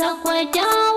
sakwada